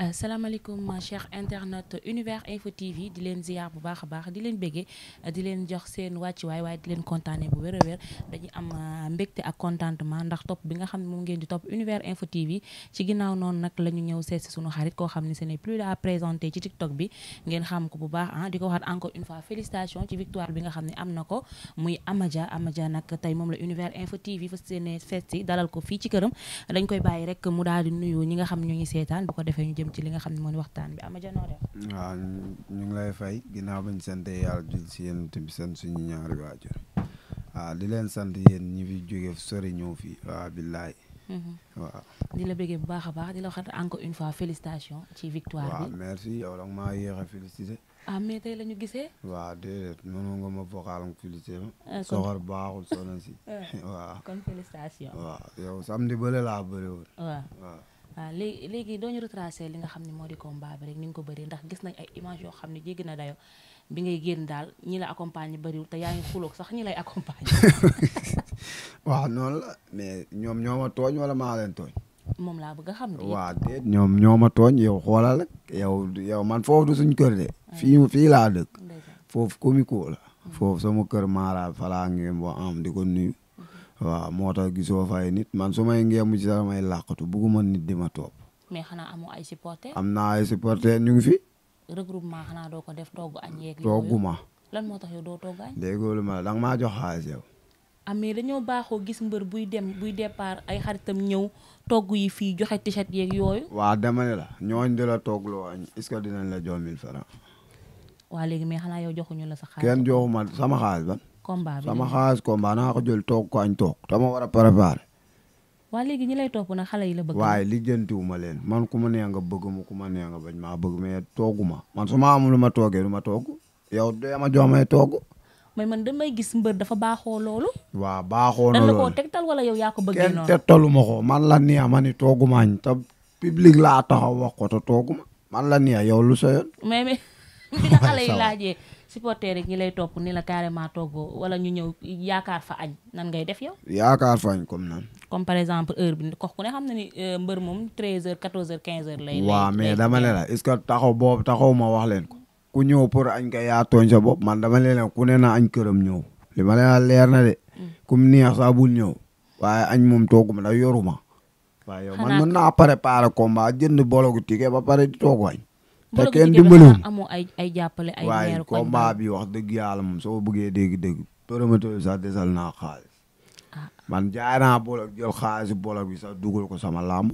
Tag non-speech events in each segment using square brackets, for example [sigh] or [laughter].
Euh, salaamaaleykum cher internet univers info tv di leen ziar bu baax a baax di leen béggee di leen jox seen wàccuwaay waaye di leen kontaane bu wér a wér dañuy am euh, mbégte ak contentement ndax topp bi nga xam ne moom ngeen di topp univers info tv ci ginnaaw noonu nag la ñu ñëw seet si suñu xarit koo xam ne ce n'est plus ci tiktok bi ngeen xam ko bu baax ah di ko waxaat encore une fois félicitation ci victoire bi nga xam ne am moom la univers info tv fa seen feet si dalal ko fii ci këram dañ koy bàyyi rek mu daal di nuyu ñi nga xam ñoo ñu seetaan bu ko defee ñu jëm jëm ci li nga xam ne mooy waxtaan bi ama janoo def waaw ñu ngi lay fay ginnaaw bañ sant yàlla jul si yéen bi sant suñu ñaari waajur waaw di leen sant yéen ñi fi jóge sori ñëw fii waaw billaay mhm. waaw di la bëggee bu baax a baax di la waxat encore une fois félicitations ci victoire bi merci yow nag maa yéex a félicité ah, mais tey la ñu gisee waaw déedéet mënu nga ma vocal nga félicité ma ah, soxor baaxul soxna si [laughs] ah, waaw kon félicitation waaw yow samedi bële laa bëri woon waaw waaw euh, léegi léegi doo ñu retracé li nga xam ne moo di combat bi rek ni nga ko bari ndax gis nañ ay image yoo xam ne jéggi na dayo bi ngay génn daal ñi la accompagne bëriwul te yaa ngi xuloog sax ñi lay accompagne [laughs] waaw noonu la mais ñoom ñoo tooñ wala maa leen tooñ moom laa bëgg a xam ne waaw déet ñoom ñoo ma tooñ yow xoolal rek yow yow man foofu du suñ kër de ah. fii fii laa dëkk foofu comico la hmm. foofu sama kër maaraal falaa ngeen boo am di ko nuyu waaw moo tax gisoo fa ay nit man su may ngeemu ci sax may làqatu bugguma nit di ma toog mais xanaa amoo ay supporters. am naa ay supporters ñu ngi fi. regroupement xanaa doo ko def togg añ yeeg. togguma lan moo tax doo togg añ. déggoo ma la danga maa jox xaalis yow. ah mais dañoo baaxoo gis mbër buy dem buy départ ay xaritam ñëw togg yi fii joxe t-shirt yeeg yooyu. waa dama la ñooñ di la toggloo añ est dinañ la jox 1000 francs. waa léegi mais xanaa yow joxuñu la sa xaalis. kenn joxuma sama xaalis ban. combat bi sama xaas combat naa ko jël toog ko añ toog dama war a waa léegi ñi lay topp na xale yi la bëgg. waaye lijjantiwuma leen man ku ma nee bëgg ma ku ma nee nga bañ bëgg mais tooguma man su ma amul ma toogee lu ma toog yow de ma jox may toog. mais man damay gis mbër dafa baaxoo loolu. waaw baaxoo na loolu dañ la koo tegtal wala yow yaa ko bëggee noonu. kenn man la nii ma ni tooguma añ te public laa taxaw wax ko toogu tooguma man la nii yow lu sooyoon. mais mais [laughs] bi xale yi laajee. supporter rek ñi lay topp ni la a toggoo wala ñu ñëw yaakaar fa añ nan ngay def yow. yaakaar fa añ comme nan. comme par exemple heure bi kox ku ne xam na ni euh, mbër moom 13h 14h 15h. lay ko. ku ñëw pour añ ka yaa tooñ sa bopp man dama leen ne ku ne ma leen leer na de. Mm. kum neex saa bul ñëw. waaye añ moom tooguma da yoruma. waaw yow man mën naa préparer combat jënd bologu tike ba pare di toogu añ. te kenn dimbaliwul amoo ay ay jàppale ay maire ko combat bi wax dëgg yàlla moom soo bëggee dégg-dégg promoteur bi sa desal naa xaalis ah. man jaay naa bolog jël xaalisu bolog bi sax dugal ko sama làmb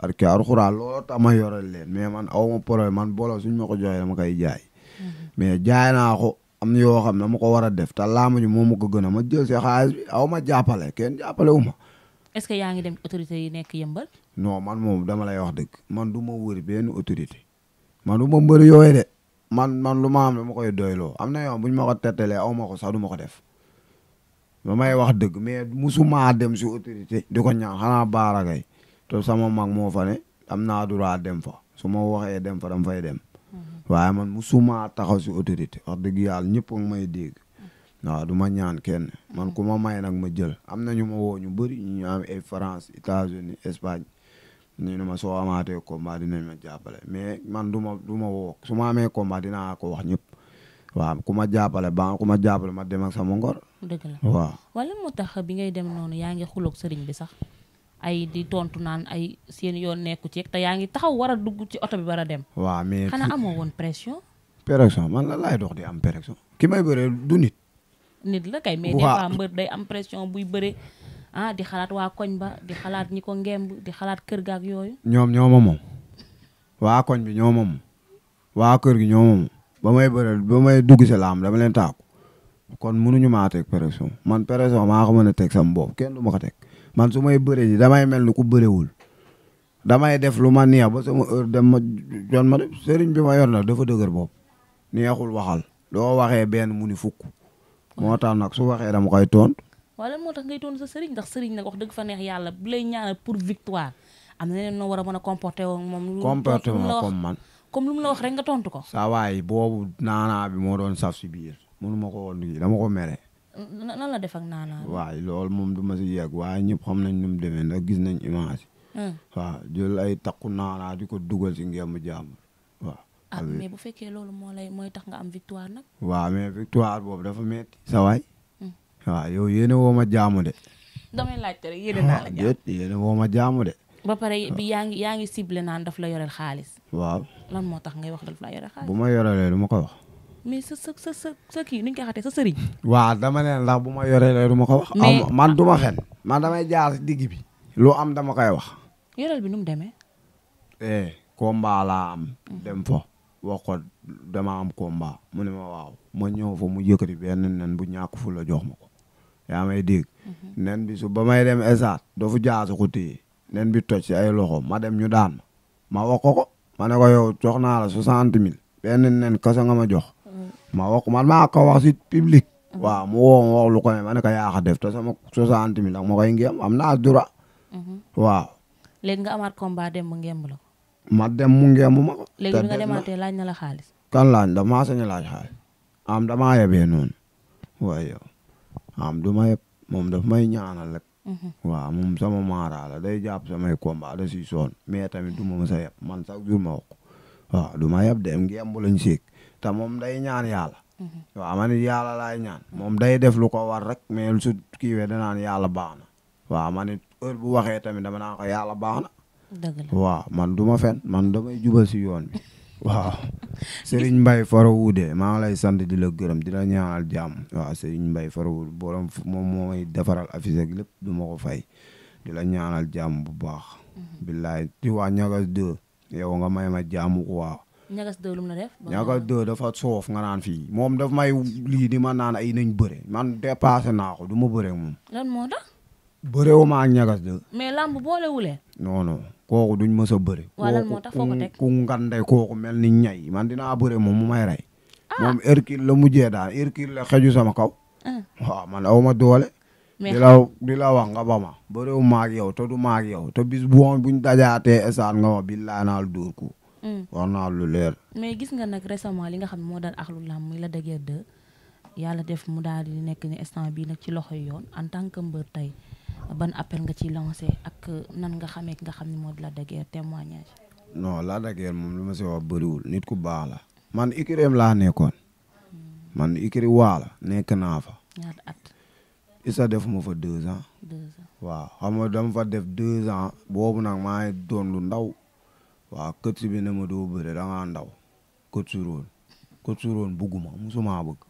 parce que alxuraan looloo tax ma yore leen mais man aw ma problème man bolog suñ ma ko joxee dama koy jaay mhm. mais jaay ko am yoo xam ne ma ko war a def te làmb ji moo ma ko gën a ma jël si aw ma jàppale kenn jàppale wu ma est-ce que yaa ngi dem autorité yi nekk yëmbal noo man moom dama lay wax dëgg man du ma wër benn autorité man du ma mbëri yooyu de man man lu ma am dama koy doyloo am na yoon bu ñu ma ko tettalee aw ma ko sax ma ko def ba may wax dëgg mais musuma dem si autorité di ko ñaan xanaa baara kay te sama mag moo fane am naa droit dem fa su ma waxee dem fa dama fay dem mm-hmm. waaye man musuma taxaw si autorité wax dëgg yàlla ñëpp ma may dégg mm-hmm. waaw du ma ñaan kenn man ku ma may nag ma jël am na ñu ma woo ñu bëri ñu am ay France États-Unis Espagne ñu ne ma soo amaatee combat dinañ ma jàppale mais man du ma du ma su ma amee combat dinaa ko wax ñëpp waaw ku ma jàppale ba ku ma jàppale ma dem ak sama ngor. dëgg la waaw. wala moo tax bi ngay dem noonu yaa ngi xuloog sëriñ bi sax ay di tontu naan ay seen yoon nekku ci te yaa ngi taxaw war a dugg ci oto bi war a dem. waa mais xanaa amoo woon pression. pression man la dox di am pression. ki may bëree du nit. nit la kay mais des fois mbër day am pression buy bëree. ah di xalaat waa koñ ba di xalaat ñi ko ngemb di xalaat kër gaak yooyu. ñoom ñoo ma moom waa koñ bi ñoo moom waa kër gi ñoo ma ba may bëre ba may dugg si laam dama leen taaku kon mënuñu maa teg pression man pression maa ko mën a teg sama bopp kenn du ma ko teg man su may bëree ji damay mel ni ku bërewul damay def lu ma neex ba sama heure dem ma jon ma def sëriñ bi ma yor na dafa dëgër bopp neexul waxal doo waxe benn mu ni fukk moo tax nag su waxee dama koy toon waaye lan moo tax ngay doon sa sëriñ ndax sëriñ nag wax dëgg fa neex yàlla bu lay ñaanal pour victoire am na leneen noo war a mën a comporté woon moom. comporté man comme lu mu wax rek nga tontu ko. saa boobu naanaa bi moo doon saf si biir mënu ko woon nii dama ko mere. nan la def ak naanaa. waaye loolu moom du ma si yegg waaye ñëpp xam nañ nu mu demee ndax gis nañ image. Hmm. waaw ay takku naanaa di ko dugal si ngemu jàmm waaw. ah mais bu fekkee loolu moo lay mooy tax nga am victoire nag. waaw mais victoire boobu dafa metti sa waay waaw yow yéene woo ma jaamu de. damay laajte rek yéene woo ma jaamu de. ba pare yaa ngi yaa ngi ciblé naan daf la yoreel xaalis. waaw lan moo tax ngay wax daf la yoreel xaalis. bu ma yorelee du ma ko wax. mais kii nu koy xatee sa sëriñ. waaw dama ne bu ma yorelee du ma ko wax. man du ma xel. man damay jaar si digg bi. lu am dama koy wax. yoreel bi nu mu demee. eh combat am. Mm. dem fo wax ko dama am combat mu ne ma waaw ma ñëw fa mu yëkkati benn nen bu ñàkk fu la jox ma ko. yaa may dégg. Mhm. nen bi su ba may dem esaat dafa jaasu ko téye nen bi toj si ay loxo ma dem ñu daan ma wax ko ma ne ko yow jox naa la soixante mille benn nen kasa nga ma jox. Mhm. ma wax man maa ko wax si public. Mhm. mu woo ma wax lu ko ne ma ne ko yaa ko def te sama soixante mille ak ma koy am naa dura. waaw. léegi nga amaat combat dem mu ngéem la. ma dem mu ma. léegi bi nga kan laaj da maa sañ a laaj xaalis am damaa yebee noonu waaye am du ma yëpp da daf may ñaanal rek. Mhm. waaw moom sama maara la day jàpp samay combat da si soon mais tamit du ma mës a yëpp man sax du ma wax waaw du ma dem ngeem bu lañ seeg te moom day ñaan yàlla. Mhm. waaw man it yàlla laay ñaan moom day def lu ko war rek mais lu su kiiwee danaan yàlla baax na waaw man it heure bu waxee tamit dama naan ko baax na. dëgg la man du ma fen man damay jubal si yoon bi. waaw Serigne Mbaye Farawude maa ngi lay sant di la gërëm di la ñaanal jàmm waaw Serigne Mbaye Farawude borom moom mooy defaral affiche ak lépp du ma ko fay di la ñaanal jàmm bu baax. Mhm. billaay di waa ñagas deux yow nga may ma jàmm waaw. ñagas deux lu ñagas deux dafa soof nga naan fii moom daf may lii di ma naan ay nañ bëre man dépassé naa ko duma ma bëre moom. lan moo tax. kooku duñ mës a bëre. moo tax foo ko teg ku ngande kooku mel ni ñay man dinaa bëre moom mu may rey. Ah. moom Hercule la mujjee daal Hercule la xeju sama kaw. Ah. man aw ma doole. di la di la wax nga ba ma. bëreewu ma ak yow te du ma ak yow te bis bu woon buñ dajaatee esaan nga ma billaay naal dóor ko. Mm. war naa lu leer. mais gis nga nag récemment li nga xam ne moo dal axlu lam muy la dëgër de yàlla def mu daal di nekk ni instant bii nag ci loxoy yoon en tant que tey. ban appel nga ci lang lancé ak nan nga xamee nga xam ne moo di Lac de Guiers témoignage. non Lac de Guiers moom lu ma si wax bëriwul nit ku baax la. man Ikrim laa nekkoon. Hmm. man Ikri waala nekk naa fa. ñaata def ma fa deux ans. deux ans waaw fa def deux ans boobu nag ma ngi lu ndaw. waaw kët si bi ne ma doo bëre da ngaa ndaw kët suroon roon kët su roon bugguma musuma bëgg.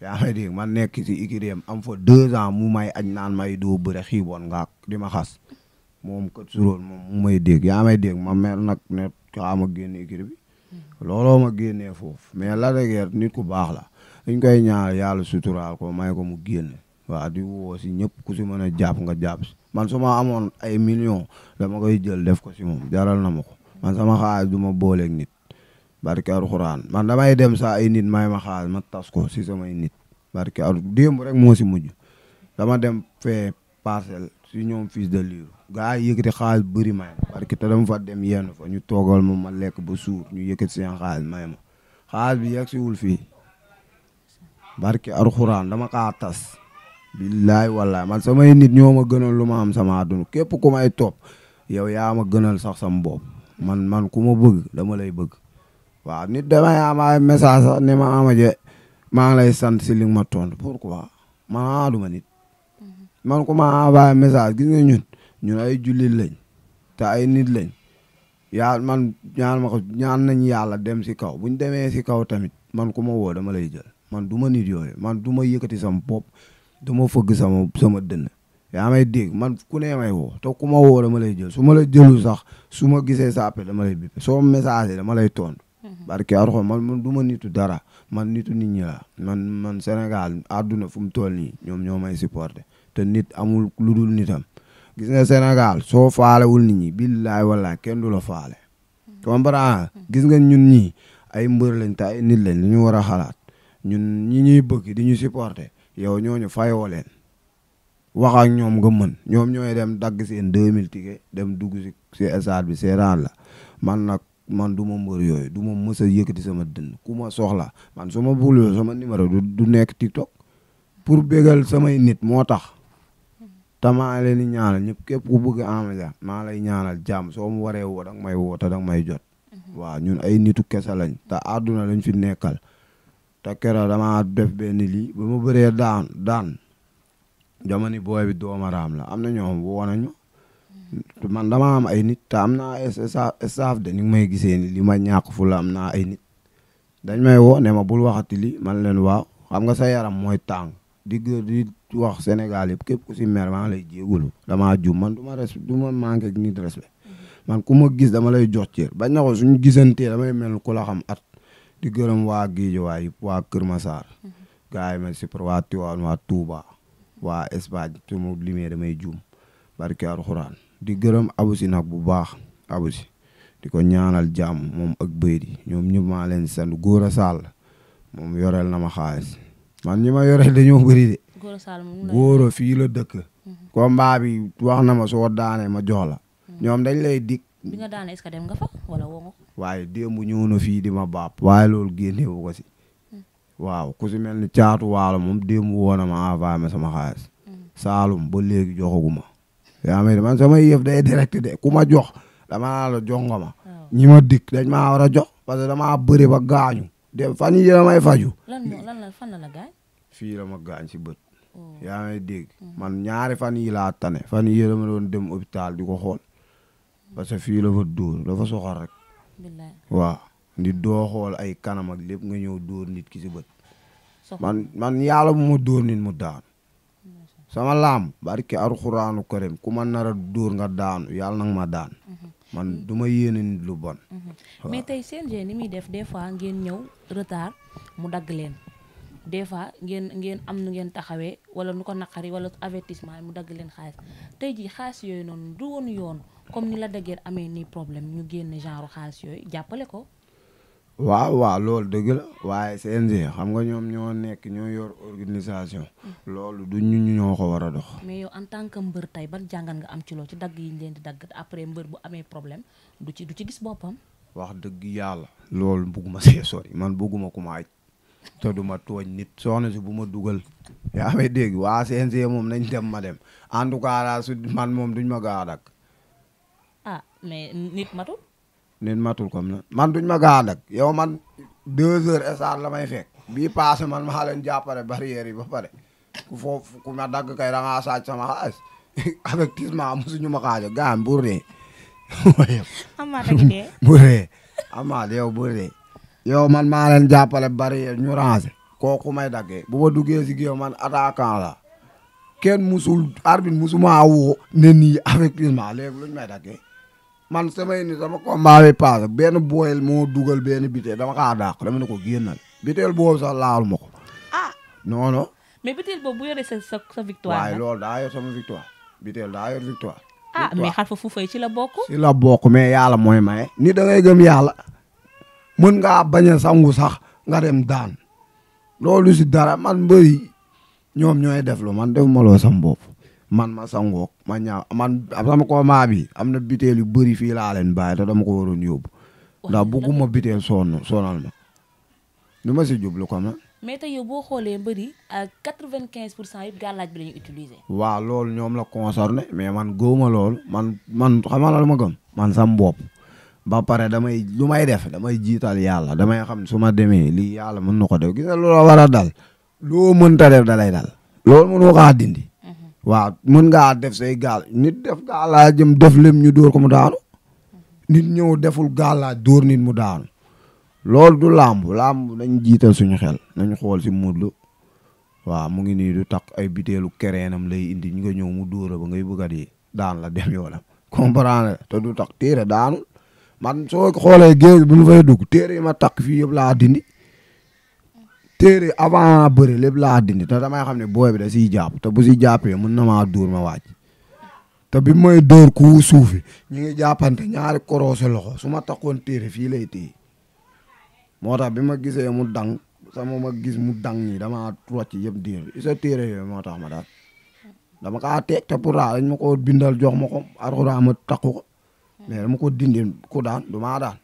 yaa ngi man nekk si ikiriem am fa deux ans mu may añ naan may doo bëre xiiboon ngaak di ma xas moom kët suróol moom mu may dégg yaa may dégg ma mer nag ne xaama génn ikiri bi mm-hmm. looloo ma génnee foofu mais la dégeer nit ku baax la dañ koy ñaar yàlla suturaal ko may ko mu génn waaw di woo si ñëpp ku si mën a jàpp nga jàpp man su ma amoon ay millions dama koy jël def ko si moom jaral na ma ko man sama xaalis du ma booleeg nit barke alxuraan man damay dem saa ay nit may ma xaal ma tas ko si samay nit barke al démb rek moo si mujj dama dem fee parcelle si ñoom fils de ga gaa yi yëkkati xaalis bëri may barke te fa dem yen fa ñu toogal mo ma lekk ba suur ñu yëkkati seen xaalis may ma xaalis bi yegg siwul fii barke alxuraan dama kaa tas billaay wallaay man samay nit ñoo ma gënal lu ma am sama àdduna képp ku may top yow yaa ma gënal sax sama bopp man man ku ma bëgg dama lay bëgg waaw nit damay am ay message sax ne ma Ama Dia maa ngi lay sant si li nga ma tontu pourquoi man aaduma nit man ku ma envoyé message gis nga ñun ñun ay jullit lañ te ay nit lañ yaa man ñaan ma ko ñaan nañ yàlla dem si kaw buñ demee si kaw tamit man ku ma woo dama lay jël man du ma nit yooyu man du ma yëkkati sam bopp du ma fëgg sama sama dënn yaa may dégg man ku ne may woo te ku ma woo dama lay jël su ma la jëlu sax su ma gisee sa appel dama lay bippe soo message dama lay tontu barke arxo man man du ma nitu dara man nitu nit ñi la man man Sénégal àdduna fu mu toll nii ñoom ñoo may supporté te nit amul lu dul nitam gis nga Sénégal soo faalewul nit ñi billaay wallaay kenn du la faale comprendre gis nga ñun ni ay mbër lañ te ay nit lañ li ñu war a xalaat ñun ñi ñuy bëgg di ñu supporté yow ñooñu fayoo leen wax ak ñoom nga mën ñoom ñooy dem dagg seen 2000 ticket dem dugg si si stade bi seetaan la man nag man du ma mbër yooyu du ma mës a sama dën ku ma man su ma bëggee sama numéro du du nekk TikTok pour bégal samay nit moo tax te maa leen di ñaanal ñëpp képp ku bëgg Ama maa lay ñaanal jàmm soo mu waree woo danga may woo te may jot. Mhm. waaw ñun ay nitu kese lañ te àdduna lañ fi nekkal te keroog dama def benn lii ba ma bëree daan daan jamono booy bi doomaraam la am na ñoom woo nañu man dama am ay nit am naa staff de ni may gisee ni li ma ñàkk fu la am naa ay nit dañ may woo ne ma bul waxati li man leen waaw xam nga sa yaram mooy tàng di di wax Sénégal yëpp képp ku si mer maa lay jégalu damaa jum man du ma res du ma manqué ak nit respect man ku ma gis dama lay jox cër bañ na ko suñu gisantee damay mel ku la xam at di gërëm waa Guédiawaye yëpp waa Kër Massar gars yi ma si pour waa Tivaouane waa Touba waa Espagne su ma limee damay juum di gërëm abusi nag bu baax abusi di ko ñaanal jàmm moom ak bëy di ñoom ñu maa leen sant góor a sàll moom yoreel na ma xaalis man ñi ma yoreel dañoo bëri de góor a fii la dëkk mhm. combat bi wax na ma soo daanee ma joola mhm. ñoom dañ lay dig nga daanee est-ce waaye démb ñëw na fii di ma baap waaye lool génnewu ko si mhm. waaw ku mel ni caatu waalo moom démb woon na ma envoyé ma sama xaalis saalum ba léegi joxaguma yaa may man samay yëf day direct de ku ma jox damaa la jox nga ma. ñi dikk dañ maa war a jox parce que damaa bëri ba gaañu. de fan yii la may faju. fii la ma gaañ si bët. Oh. yaa may dégg. Mm-hmm. man ñaari fan yii laa tane fan yii la ma doon dem hôpital di ko xool parce que fii la fa dóor dafa soxor rek. waaw di doo xool ay kanam ak lépp nga ñëw dóor nit ki si bët. man man yàlla mu ma dóor nit mu daan. sama laam barke alxuraanu karim ku ma nar a dóor nga daanu yàlla nag ma daan mhm. man du ma yéene nit lu bon mhm. mais tey CNG ni muy def des fois ngeen ñëw retard mu dagg leen des fois ngeen ngeen am nu ngeen taxawee wala nu ko naqari wala avertissement yi mu dagg leen xaalis tey jii xaalis yooyu noonu du woon yoon comme ni la daggee amee nii problème ñu génn genre xaalis yooyu jàppale ko waaw waaw loolu dëgg la waaye CNG xam nga ñoom ñoo nekk ñoo yor organisation. loolu du ñu ñu ñoo ko war a dox. mais yow en tant que mbër tey ban jàngat nga am ci loolu ci dagg yi ñu leen di dagg après mbër bu amee problème du ci du ci gis boppam. wax dëgg yàlla loolu bëgguma see sori man bëgguma ku ma aj te du tooñ nit soxna si bu ma dugal. yaa ngi dégg waa CNG moom nañ dem ma dem en tout cas su man moom duñ ma gaa dagg. ah mais nit matul. nit matul comme na man duñ ma gaa nag yow man deux heures estar la may fekk bii passé man maa leen jàppale barrière yi ba pare ku foofu ku ma dagg kay da ngaa saaj sama xaalis [laughs] effectivement mosuñu ma gaan [laughs] [laughs] bu ree yow man maa leen jàppale barrière ñu rangé kooku may daggee bu ma duggee si géew man attaquant la kenn musul arbitre musuma woo ne nii effectivement léegi luñ may daggee man samay ni sama combat bi paase benn booyel moo dugal benn biteel dama kaa dàq dama ne ko génnal biteel boobu sax laal ma ko. ah non non. mais boobu bu sa sa sa victoire. waaye daa yor sama victoire biteel daa yor victoire. Ah, la bokk. ci la bokk mais yàlla mooy maye. ni da ngay gëm yàlla mën ngaa bañ a sangu sax nga dem daan loolu si dara man mbëri ñoom ñooy def lu man defuma loo sam bopp. man ma sangook ma ñaaw man sama combat bi am na biteel yu bëri fii laa leen bàyyi te dama ko waroon yóbbu ndax bugguma biteel sonn sonal ma nu ma si jublu ko ma mais tey yow xoolee mbëri ak ah, quatre vingt pour cent yëpp gàllaaj bi la ñoom la concerné mais man gëwuma loolu man man xamal la ma gëm man sam bopp ba pare damay lu may def damay jiital yàlla damay xam su ma demee lii yàlla mën na ko def gis nga loola war a dal loo mënta def dalay dal loolu mënu ko dindi waa mën ngaa def sey gaal nit def gaalaa jëm def lem ñu dóor ko mu daanu nit ñëw deful gaalaa dóor nit mu daanu loolu du làmb làmb nañ jiital suñu xel nañ xool si Modou Lo waaw mu ngi nii du tax ay kere kereenam lay indi ñu nga ñëw mu dóora ba ngay bëgg a di daan la dem yoonam [laughs] comprendre te du tax téere daanul man soo xoolee géej bu mu fay dugg téere yi ma takk fii yëpp laa dindi téere avant bëri lépp laa dindi te damay xam ne booy bi da siy jàpp te bu si jàppee mën na ma dóor ma waaj te bi mooy dóor ku suufi ñu ngi jàppante ñaari korose loxo su ma taxoon téere fii lay téye moo tax bi ma gisee mu dang sama ma gis mu dang nii dama rocc yëpp diir sa téere yooyu moo tax ma daal dama kaa teg te pourtant dañ ma ko bindal jox ma ko arxuraan ma takku ko mais dama ko dindi ku daan du maa daan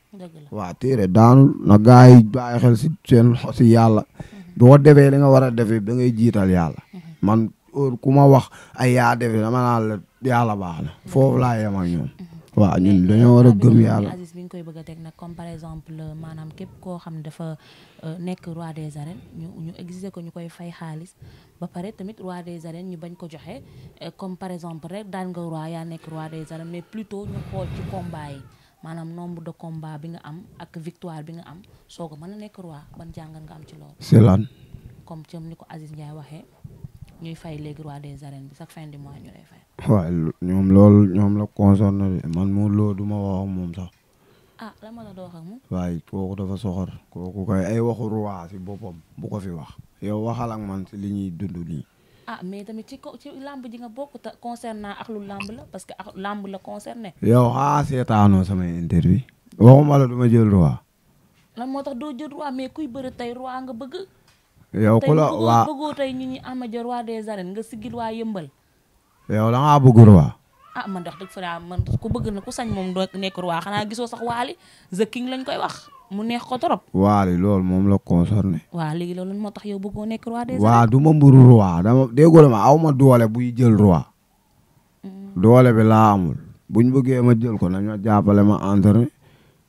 waaw téere daanul na gaa yi bàyyi xel si seen si yàlla mhm. boo defee li nga war a defee ba ngay jiital yàlla mhm. man heure ku ma wax ay yaa defee dama naan la yàlla baax na mhm. foofu laa yem ak ñoom ñun dañoo euh, war a gëm yàlla Aziz bi ñu koy bëgg a teg nag comme par exemple euh, maanaam képp koo xam ne dafa euh, nekk roi des arènes ñu ñu ko ñu koy fay xaalis ba pare tamit roi des arènes ñu bañ ko joxe comme par exemple rek daan nga roi yaa nekk roi des arènes mais plutôt ñu xool ci combat yi maanaam nombre de combat bi nga am ak victoire bi nga am soog a mën a nekk roi ban jàngat nga am ci loolu. c'est lan. comme ci ni ko Aziz Ndiaye waxee ñuy fay léegi roi des arènes bi chaque fin du ñu lay fay. waaw ñoom lool ñoom la concerné man mu loolu du ma wax moom sax. ah dama la doon wax moom. waaye kooku dafa soxor. kooku kay ay waxu roi si boppam bu ko fi wax. yow waxal ak man si li ñuy dund nii. ah mais tamit ci ko ci làmb ji nga bokk te concernant ak lu làmb la parce que ak làmb la concerné. yow xaa seetaanoo samay interview waxuma la du ma jël roi. lan moo tax doo jël roi kuy bëri tey roi nga bëgg. yow ku la waa bëggoo ni ñu ñi amaja roi des arènes nga sigil waa yëmbal. yow da ngaa bëgg roi. ah man ndax dëgg fa man ku bëgg na ku sañ moom doo nekk roi xanaa gisoo sax waali the king lañ koy wax. mu neex ko trop. waali loolu moom la concerné. waaw léegi loolu moo tax yow bëggoo nekk roi des. du ma mburu roi dama déggoo ma aw ma doole buy jël roi. Mm. doole bi laa amul. buñ bëggee ma jël ko nañu ma jàppale ma entraîné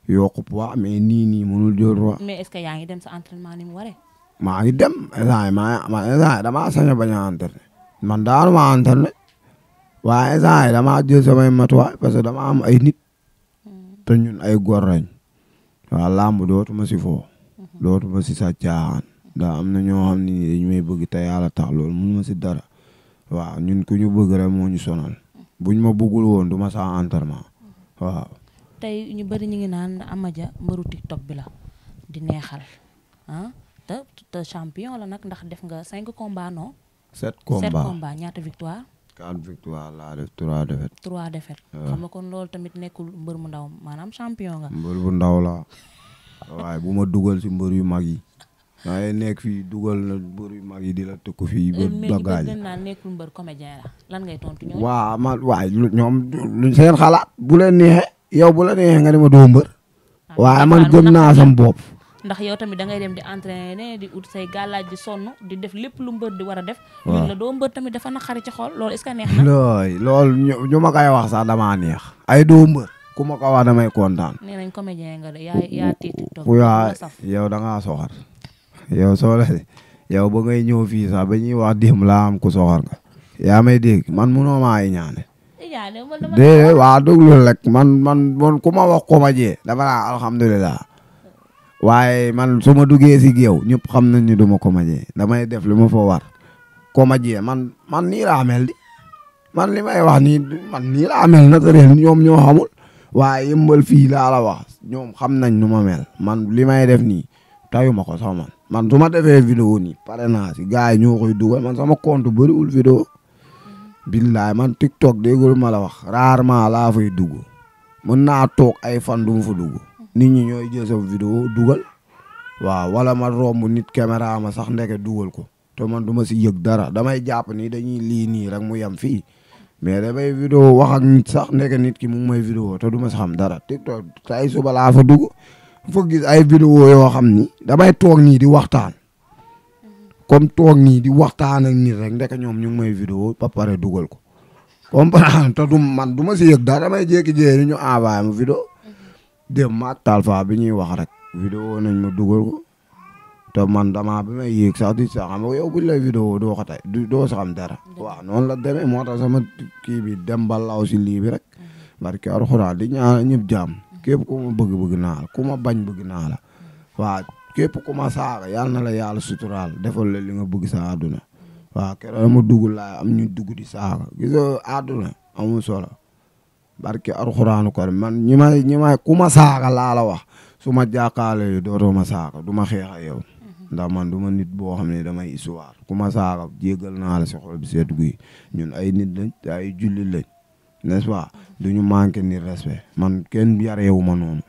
yokku poids mais nii nii mënul jël roi. mais est-ce que yaa ngi dem sa entraînement ni mu waree. maa ngi dem instant maa ma instant damaa sañ a bañ a entraîné man daanu ma entraîné waaye instant damaa jël samay matuwaay parce que dama am ay nit. Mm. te ñun ay góor lañ. waaw làmb dootuma si foo mhm. dootuma si sa caaxaan ndax am na ñoo xam ne nii dañu may bëgg te yàlla tax loolu mu ma si dara waaw ñun ku ñu bëgg rek moo ñu sonal buñ ma buggul woon du ma sax entraînement mhm. waaw. tey ñu bëri ñu ngi naan Ama Dia mbëru TikTok bi la di neexal ah te te champion la nag ndax def nga cinq combats non. sept combats sept combats ñaata victoire. quatre victoire laa def trois défaites. trois défaites. xam nga kon loolu tamit nekkul mbër mu ndaw maanaam champion nga. mbër bu ndaw laa bu ma dugal si mbër yu mag yi. waaye nekk fii dugal na mbër yu mag yi di la tëkku fii. ba gaañ mais naa nekkul mbër comédien la lan seen xalaat bu leen neexee yow bu la neexee nga ne ma doo mbër. Ah, waaye man gëm naa sam bopp. ndax yow tamit dangay dem di entraîner di ut say gàllaaj di sonn di def lépp lu mbër di war a def ñun la doo mbër tamit dafa naqari ci xol loolu est ñu ma koy wax sax dama neex ay doo mbër ku ma ko wax damay kontaan nee nañ comédien nga yow da ngaa soxar yow soo la yow ba ngay ñëw fii sax ba ñuy wax démb laa am ku soxor nga yaa may dégg man munoo maa yi ñaane waa déglu rek man man man ku ma wax ko ma jee dama naa alhamdulilah waaye man su ma duggee si géew ñëpp xam nañ ni du ma ko majee damay def lu ma fa war ko majee man man nii laa mel di man li may wax nii man nii laa mel naturel ñoom ñoo xamul waaye yëmbal fii laa la wax ñoom xam nañ nu ma mel man li may def nii tayu ma ko sax man man su ma defee vidéo nii pare naa si gars yi ñoo koy dugal man sama compte bëriwul vidéo billaay man tiktok déggul ma la wax rarement laa fay dugg mën naa toog ay fan du ma fa dugg nit ñi ñooy jël sa vidéo dugal waaw wala ma romb nit caméra ma sax ndeke dugal ko te man duma si yëg dara damay jàpp ni dañuy lii nii rek mu yem fii mais damay vidéo wax ak nit sax ndeke nit ki mu ngi may vidéo te duma ma si xam dara TikTok tay suba laa fa dugg fa gis ay vidéo yoo xam ni damay toog nii di waxtaan comme toog nii di waxtaan ak nit rek ndeke ñoom ñu ngi may vidéo ba pare dugal ko comprendre te du si yëg dara damay jékki-jékki ñu envoyé ma vidéo dem maag Talfa bi ñuy wax rek. vidéo nañ ma dugal ko man damaa bi may yéeg sax di sax xam nga yow buñ lay vidéo doo ko doo sax xam dara. waaw la demee moo tax sama kii bi dem ba law si lii bi rek. Mmh. barke alxuraan di ñaan ñëpp jaam. Mmh. képp ku ma bëgg bëgg naa la ku ma bañ bëgg naa la. Mmh. waaw képp saaga yàlla na la yàlla suturaal defal la li nga bëgg sa aduna waaw keroog dama dugg laa am ñu dugg di saaga gis nga àdduna solo. barki arxuraanu ko man ñi may ñi may ku ma saaga laa la wax su ma jàkkaarloo dootoo ma saaga du ma xeex ak yow. Mhm. ndax man du ma nit boo xam ne damay histoire ku ma saaga jéggal naa la si xol bi seet guy ñun ay nit lañ te ay jullit lañ n'est-ce pas mhm. du ñu manqué ni respect man kenn yareewu ma noonu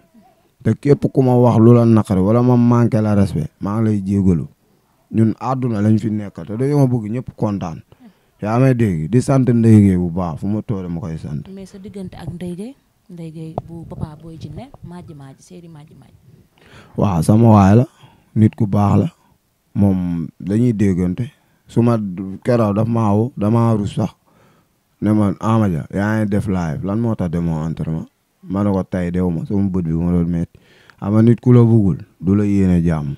te képp ku ma wax lu la naqari wala ma manqué la respect maa ngi lay jéggalu ñun àdduna lañ fi nekk te dañoo bëgg ñëpp kontaan yaa may dégg di sant Ndeye bu baax fu ma toole ma koy sant. mais sa diggante ak Ndeye Gueye Ndeye Gueye bu papa booy ji ne maaji maaji waaw sama waay la nit ku baax la moom dañuy déggante su ma daf maa woo damaa ne ma Amadia yaa ngi def live lan moo ta demoo entre ma ne ko tey dew ma sama bët bi ma doon metti ama nit ku la bëggul du la yéene jàmm.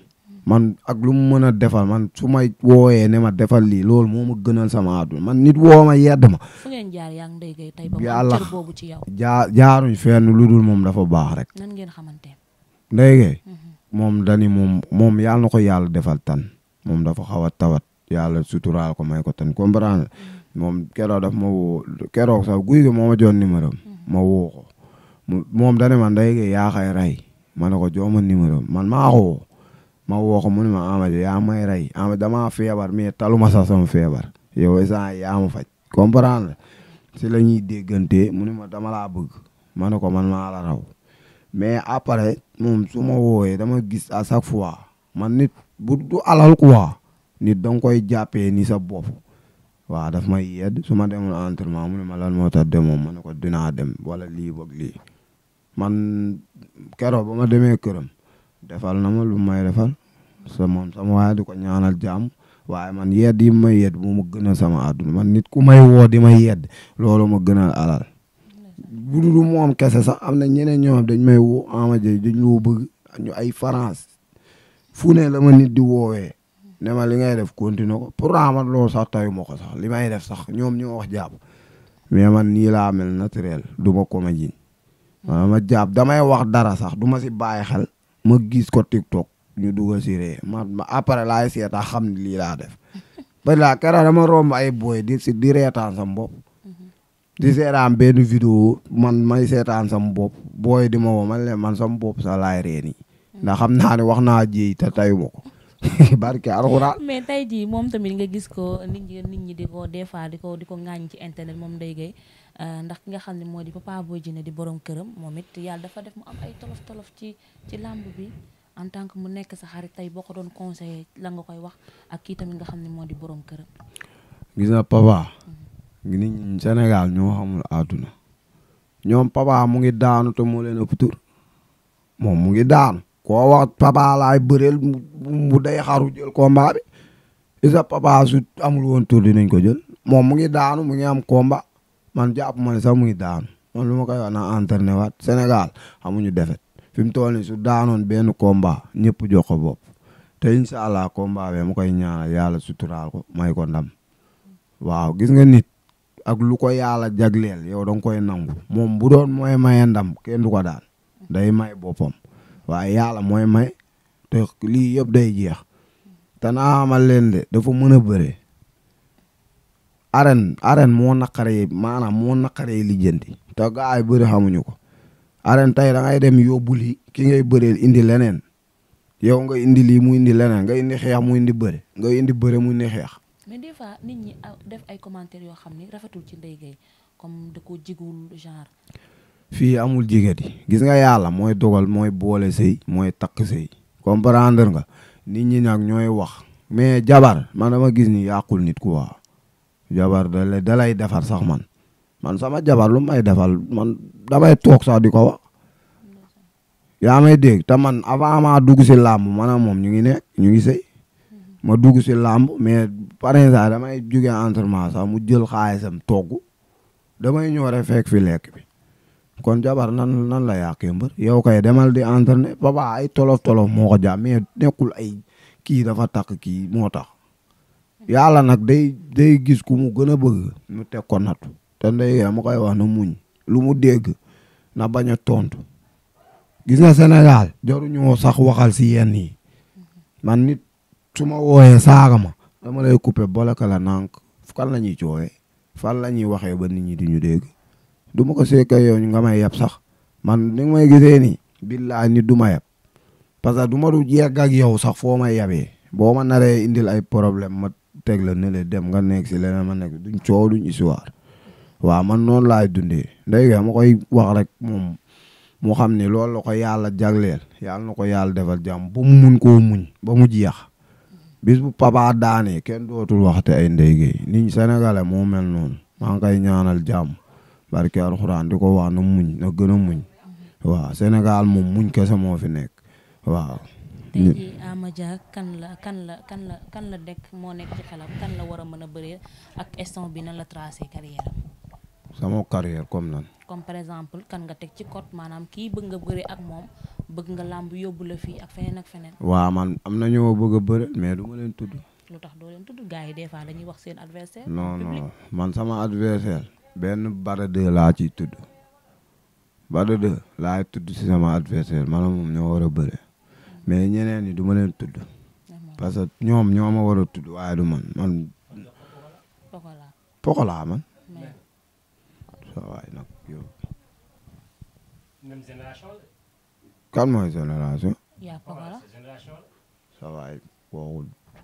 man ak lu mu mën a defal man su may wooyee ne ma defal lii loolu moo ma gënal sama àdduna man nit woo ma yedd ma. fu ngeen jaar yaa ngi déggee tey ba ci yow. jaar jaaruñ fenn lu dul moom dafa baax rek. nan ngeen xamante ndéygee mhm. moom dani moom moom yàlla na ko yàlla defal tan moom dafa xaw a tawat yàlla suturaal ko may ko tan comprendre mhm. moom keroog daf ma woo keroog sax guy gi moo joon numéro mhm. ma woo ko moom dani man ndéygee yaa xay rey ma ne ko jox ma numéro man ma woo ko mu ne ma Amady yaa may rey Amady feebar mais taluma sa sama feebar yow instant yaa ma faj comprendre si la ñuy déggante mu ne ma dama laa bëgg ma ne ko man maa la raw mais après moom su ma wooyee dama gis à chaque fois man nit bu du alal quoi nit danga koy jàppee ni sa bopp waaw daf may yedd su ma demoon entraînement mu ne ma lan moo tax demoon ma ne ko dinaa dem wala lii boog lii man keroo ba ma demee këram defal na ma lu may defal sa moom sama waaye di ko ñaanal jàmm waaye man yedd yi ma yedd moo ma gënal sama àdduna man nit ku may woo di ma yedd loolu ma gënal alal bu moom kese sax am na ñeneen ñoo xam dañ may woo Ama Dia dañ ay France fu ne la ma nit di woowee ne ma li ngay def continuer ko pour man loo sax tayu ma ko sax li may def sax ñoom ñoo wax jàpp mais man nii laa mel naturel du ma ko ma jiñ ma jàpp damay wax dara sax du ma si bàyyi xel ma gis ko TikTok ñu dugal si ree ma après laay seetaa xam ne lii laa def bari [laughs] laa keroog dama romb ay booy di si di reetaan sam bopp mm-hmm. di seetaan benn vidéo man may seetaan sam bopp booy di ma woo man leen man sam bopp sa laay ree nii mm-hmm. ndax xam naa ne wax naa jéey te tayu ma ko [laughs] barke alxuraan [laughs] mais tey jii moom tamit nga gis ko nit ñi nit ñi di ko des fois di ko di ci internet moom day gay Euh, ndax ki nga xam ne moo di Papa Boy Djiné di borom këram moom it yàlla dafa def mu am ay tolof tolof ci ci làmb bi en tant que mu nekk sa xarit tey boo ko doon conseillé la nga koy wax ak kii tamit nga xam ni moo di borom këram. gis na Papa. nit ñi Sénégal ñoom Papa mu ngi daanu te tur moom mu ngi daanu. koo wax Papa laay xaru jël combat bi. su amul woon tur dinañ ko jël. moom mu ngi daanu mu ngi am komba man jàpp ma ne sax muy daanu man lu ma koy wax naa entraîné waat Sénégal amuñu defet fi mu toll nii su daanoon benn combat ñëpp jox ko bopp te incha allah combat bi ma koy ñaanal yàlla suturaal ko may ko waaw gis nga nit ak lu ko yàlla jagleel yow da nga koy nangu moom bu doon mooy maye ndam kenn du ko daan day may boppam waaye yàlla mooy may te lii yëpp day jeex te naa xamal leen de dafa mën a bëre arène arène moo naqaree maanaam moo yi lijjanti te gaa ay bëri xamuñu ko arène tey da ngay dem yóbbuli ki ngay bëreel indi leneen yow nga indi lii mu indi leneen nga indi xeex mu indi bëre nga indi bëre mu indi xeex. mais des fois nit ñi def ay commentaires yoo xam ni rafetul ci Ndeye Gueye comme da ko genre. fii amul jigéen gis nga yàlla mooy dogal mooy boole sëy mooy takk sëy comprendre nga nit ñi nag ñooy wax mais jabar man dama gis ni yàqul nit quoi. jabar da dalay defar sax man man sama jabar lu may defal man damay toog sax di ko wax yaa may dégg te man avant ma dugg si làmb maanaam moom ñu ngi nekk ñu ngi sëy ma dugg si làmb mais par exemple jugen jógee entraînement sax mu jël xaalisam togg damay ñëw rek fekk fi lekk bi kon jabar nan nan la yàqee mbër yow kay demal di entraîné ba ay tolof tolof moo ko jàpp mais nekkul ay kii dafa takk kii moo tax yàlla nag day day gis ku mu gën a bëgg mu teg ko nattu te ndey ma koy wax na muñ lu mu dégg na bañ a tontu gis nga Sénégal jaruñoo sax waxal si yenn yi man nit su ma wooyee saaga ma dama lay couper bolaka la nànk kan la ñuy coowee fan la ñuy waxee ba nit ñi di ñu dégg du ma ko seeka yow nga may yab sax man ni may gisee nii billaay nit du ma yab parce que du ma du yegg ak yow sax foo may yabee boo ma naree indil ay problème ma teg la ne dem nga nekk si leneen ma nekk duñ coow duñ histoire waaw man noonu laay dundee ndey ma koy wax rek moom mu xam ne loolu la ko yàlla jagleel yàlla na ko yàlla defal jàmm ba mun koo muñ ba mu jeex bis bu papa daanee kenn dootul waxte ay Ndeye Gueye niñ sénégalais moo mel noon maa ngi koy ñaanal jàmm barke alxuraan di ko wax na muñ na gën a muñ waaw Sénégal moom muñ kese moo fi nekk waaw tey jii Ama kan la kan la kan la kan la dekk moo nekk ci xelam kan la war a mën a bëree ak instant bi na la tracé carrière sama carrière comme nan comme par exemple kan nga teg ci code maanaam kii bëgg nga bëree ak moom bëgg nga làmb yóbbu la fii ak feneen nag feneen waa man am na ñoo bëgg a bëre mais du ma leen tudd lu tax doo leen tudd gars yi des fois dañuy wax seen adversaire non non man sama adversaire benn bara de laa ciy tudd bara de laay tudd si sama adversaire mais ñeneen ñi du ma leen tudd. parce que ñoom ñoo ma war a tudd waaye du man man. Pokola man. waaye nag yow. kan mooy génération. yaa kooku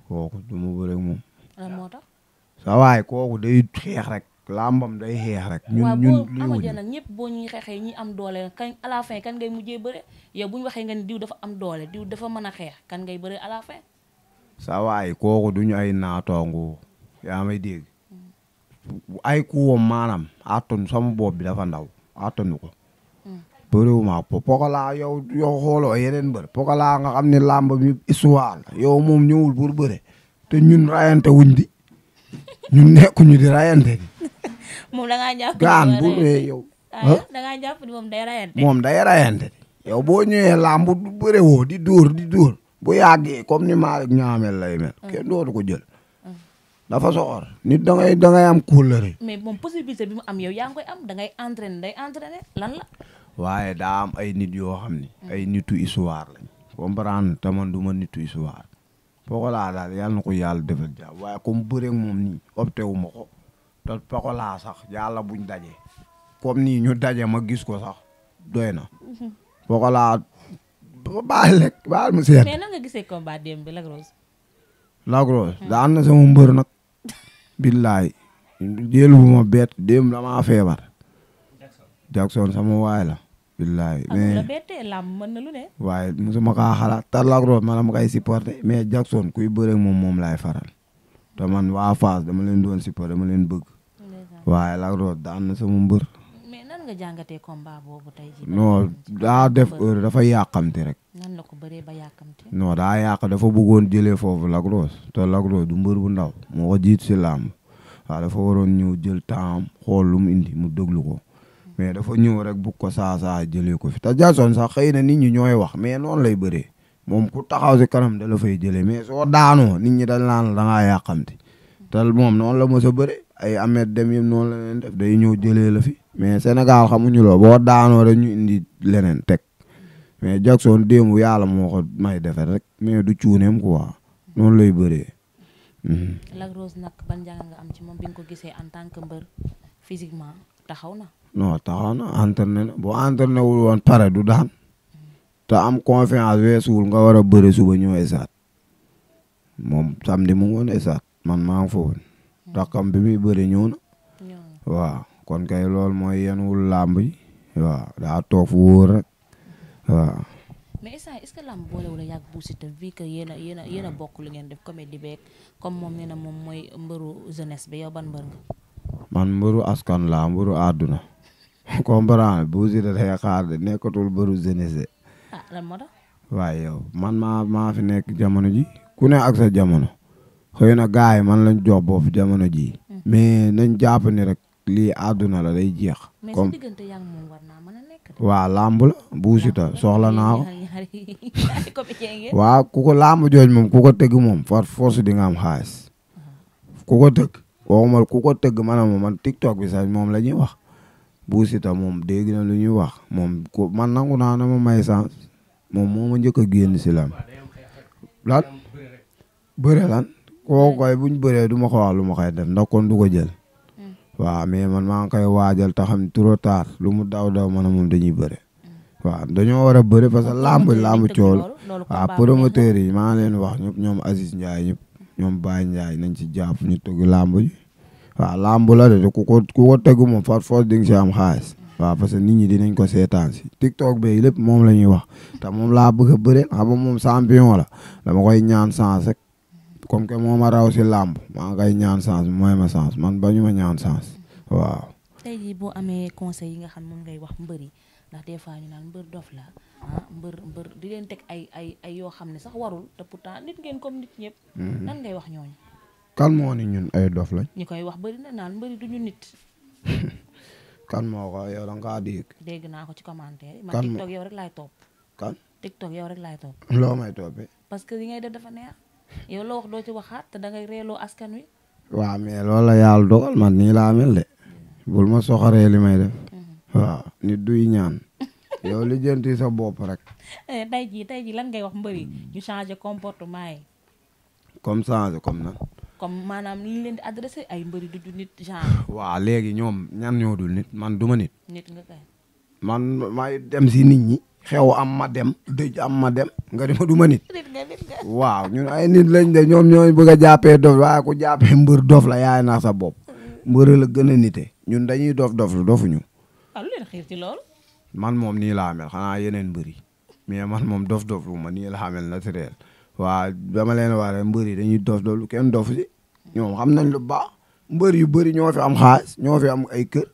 kooku du moom. lan kooku day xeex rek. làmbam day xeex rek. ñun ñun lii wuñu ñëpp boo ñuy xeexee ñi am doole kañ à kan ngay mujjee bëre yow bu waxee nga ni diw dafa am doole diw dafa mën a xeex kan ngay bëre à sa waay kooku duñu ay naataango yaa may dégg ay kuwam maanaam attanu sama bopp bi dafa ndaw attanu ko. Hmm. bëriwuma pokalaa yow yow xooloo yeneen bër pokalaa nga xam ne làmb mi histoire yow moom ñëwul pour bëre te ñun rayante wuñ di [laughs] ñun nekkuñu di rayante di Ah, moom da ngaa jàpp gaan bu ñëwee yow da boo ñëwee làmb bu bëre woo di dóor di dóor bu yàggee comme ni maa ñaamel lay mel hmm. kenn dootu ko jël hmm. dafa soxor nit da ngay da ngay am kóllëre bi mu am yow yaa ngi da ngay entraîner day entraîner lan la waaye daa am ay nit yoo xam ni hmm. ay nitu histoire lañ comprendre te man du nitu histoire foo laa daal yàlla na ko yàlla defal jàmm waaye comme bëreeg moom nii opté wu ko te Pokola sax yàlla buñ daje comme nii ñu daje ma gis ko sax doy na. Mhm. Pokola baal rek baal mu seet. mais mhm. daan na sama mbër nag. billaay jël bu ma bett démb damaa feebar. Jackson sama waay la. billaay mais waaye musuma kaa xalaat te Lac Rose ma la ma koy supporté mais Jackson kuy bëre moom moom laay faral te man waa Fass dama leen doon supporté dama leen bëgg. waaye Lac Rose na sama mbër. mais nan nga jàngatee combat daa def dafa yàqamti rek. nan la ko daa yàq dafa bëggoon jëlee foofu Lac Rose te Lac du mbër bu ndaw moo ko jiit si làmb waaw dafa waroon ñëw jël temps xool lu mu indi mu déglu ko. mais dafa ñëw rek bugg ko saa saa jëlee ko fi te Jackson sax xëy na nit ñi ñooy wax mais noonu lay bëree moom ku taxaw si kanam da la fay jëlee mais soo daanoo nit ñi dañ naan da ngaa moom noonu la mos a bëree ay amet dem yëpp noonu la def day ñëw jëlee la fi mais Sénégal xamuñu loo boo daanoo rek ñu indi leneen teg mais Jackson démb yàlla moo ko may defar rek mais du cuuneem quoi noonu lay bëree. Mhm. Lac Rose nag nga am ci moom bi ko gisee en tant que taxaw na. non taxaw na entraîné boo entraîné wul woon pare du daan te am confiance weesuwul nga war a bëre suba ñëw esaat moom samedi mu ngi woon esaat man maa ngi foofu rakkam bi muy bëri ñëw na. waaw kon kay loolu mooy yenuwul làmb yi waaw daa toog wóor rek waaw. mais instant est-ce boole wala yàgg Bou Siteu vu hmm. bokk lu ngeen def comédie comme moom nee na moom mooy mbëru jeunesse bi yow ban mbëru askan laa mbëru àdduna. [laughs] comprendre Bou Siteu dafay xaar de nekkatul mbëru jeunesse. ah lan moo man maa maa fi nekk jamono ji ku ne ak sa jamono. xëy na gars yi man la jox boobu jamono jii. Eh. mais nañ jàpp ni rek lii àdduna la day jeex. comme mais sa waa làmb la buusita soxla naa ko. [laughs] waaw ku ko làmb jooj moom ku ko tëgg moom far force di nga am xaalis. Ah. ku ko tëgg waxuma ku ko moom man TikTok bi moom la ñuy wax. buusita moom dégg na lu ñuy wax moom man nangu naa na ma may sens moom moo ma njëkk a génn si lam lan bëre lan. kooku bu mm. buñ bëree du ma ko wax lu ma koy def ndax kon du ko jël. Mm. waaw mais man maa ngi koy waajal te xam trop lu mu daw daw man moom dañuy bëre. Mm. waaw dañoo war a bëre parce que làmb làmb cool waaw promoteurs yi maa leen wax ñëpp ñoom Aziz Ndiaye ñëpp ñoom Baye Ndiaye nañ ci jàpp ñu tëgg làmb ji. waaw la de ku ko ku ko tëgg moom far di nga si am xaalis. waaw parce que nit ñi dinañ ko seetaan si TikTok bi lépp moom la ñuy wax te moom laa bëgg a bëre xam nga moom champion la dama koy ñaan sans rek comme que moo ma raw si làmb maa ngay ñaan chance mooy ma chance boo amee conseil yi nga xam moom ngay wax mbër ndax des fois ñu naan mbër dof la ah mbër di leen teg ay ay ay yoo xam ne sax warul te pourtant mhm. wax ñooñu. kan moo ni ñun ay dof lañ. ñu koy wax bëri na naan mbëri du ñu nit. [laughs] kan moo ko yow da nga dégg. dégg naa ko ci commentaire yi. man TikTok yow rek laay topp. kan TikTok laay loo may toppee. parce que li ngay def dafa neex. yow loo wax doo ci waxaat te dangay reelo reeloo askan wi. waaw mais loolu la yàlla dogal man mel de bul ma soxoree li may def. Mm-hmm. waaw nit duy ñaan. [laughs] yow li sa bopp rek. Eh, tey jii tey jii lan ngay wax mbëri ñu changer comportement yi. comme changer comme nan. comme maanaam li leen di adressé ay mbëri du nit genre. [laughs] waaw léegi ñoom ñan ñoo dul nit man duma nit. man may dem si nit ñi. xew am ma dem dëj am ma dem nga dima du ma nit waaw ñun ay nit lañ de ñoom ñooy bëgg a jàppee dof waaye ku jàppee mbër dof la yaay naa sa bopp mm. mbër la gën a nite ñun dañuy dof dof ah, lu dofuñu lu man moom nii laa mel xanaa yeneen mbër yi mais man moom dof dof lu ma nii laa na naturel waa dama leen wax rek yi dañuy dof dof lu kenn dof si ñoom xam nañ lu baax mbër yu bëri ñoo fi am xaalis ñoo fi am ay kër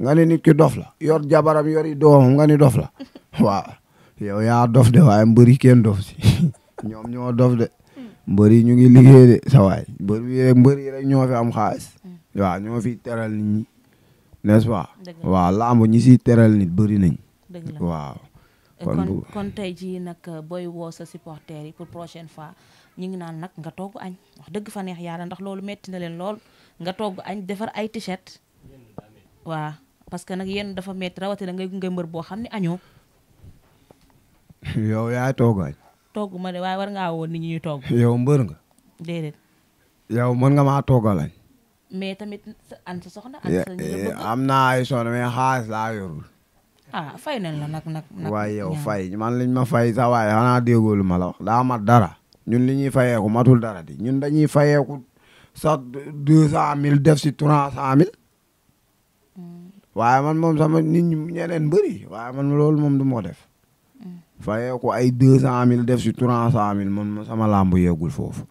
nga ne nit ki dof la yor jabaram yori doomam nga ni dof la [laughs] [laughs] waaw yow yaa dof de waaye mbër yi kenn dof si [laughs] ñoom ñoo dof de hmm. mbër yi ñu ngi liggéey de sa waay yi rek ñoo fi am xaalis hmm. waaw ñoo fi teral nit ñi n'est-ce pas waaw lamb ñi si teral nit bëri nañ waaw eh, kon kon tey jii nag euh, booy woo sa supporters yi pour prochaine fois ñu ngi naan nag nga togg añ wax dëgg fa neex yàlla ndax loolu metti na leen lool nga togg añ defar ay t-shirt waaw parce que nag yéen dafa metti rawatina ngay gunge mbër boo xam ne añoo [laughs] yow yaay toogañ. toogu ma de waaye war woon nit ñi toog. yow mbër nga. déedéet. yow mën nga maa toogalañ. mais tamit an sa soxna. an sa am ay soxna mais xaalis laa yorul. ah fay nañ la nag nag. waaye yow man liñ ma fay sa waaye xanaa déggoo lu ma la wax daa mat dara. ñun li ñuy fayeeku matul dara di ñun dañuy fayeeku sax deux cent mille def si trois cent mille. Hmm. waaye man moom sama nit ñi ñeneen bëri waaye man loolu moom du ma def. fayee ko ay deux cent mille def si trois cent mille man sama lambu yeegul foofu.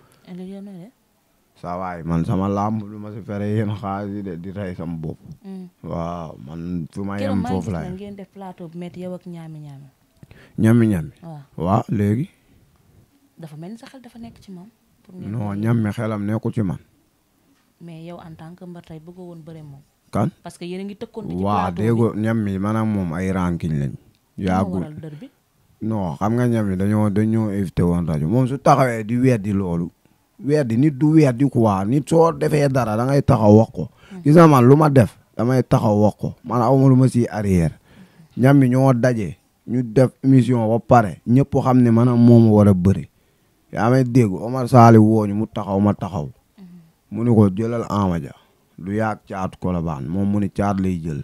sa waay man sama làmb lu ma si fere yéen xaalis de di rey sama bopp. Mm. waaw man fu ma yem foofu laay. ngeen def plateau bu métti yow ak ñami ñaami. ñaami ñaami. léegi. dafa mel ni sa xel dafa nekk ci moom. pour non xelam nekku ci man. mais yow en tant que mbar tey bëggoo woon bëre moom. kan parce que yéen ngi tëkkoon. ci plateau bi waaw dégg nga ñaami man moom ay ranking lañ. yaagul non xam nga ñam ni dañoo dañoo éviter woon rajo moom su taxawee di di loolu weddi nit du weddi quoi ni soo defee dara da ngay taxaw wax ko mm-hmm. gis nga man lu ma def damay taxaw wax ko man awma lu ma si arrière mm-hmm. ñam bi ñoo daje ñu def émission ba pare ñëpp xam ne man moom war a bëri yaa may dégg Omar Sali wooñu mu taxaw ma taxaw mm-hmm. mu ni ko jëlal Ama Dia du yaag caat Colobane moom mu ni caat lay jël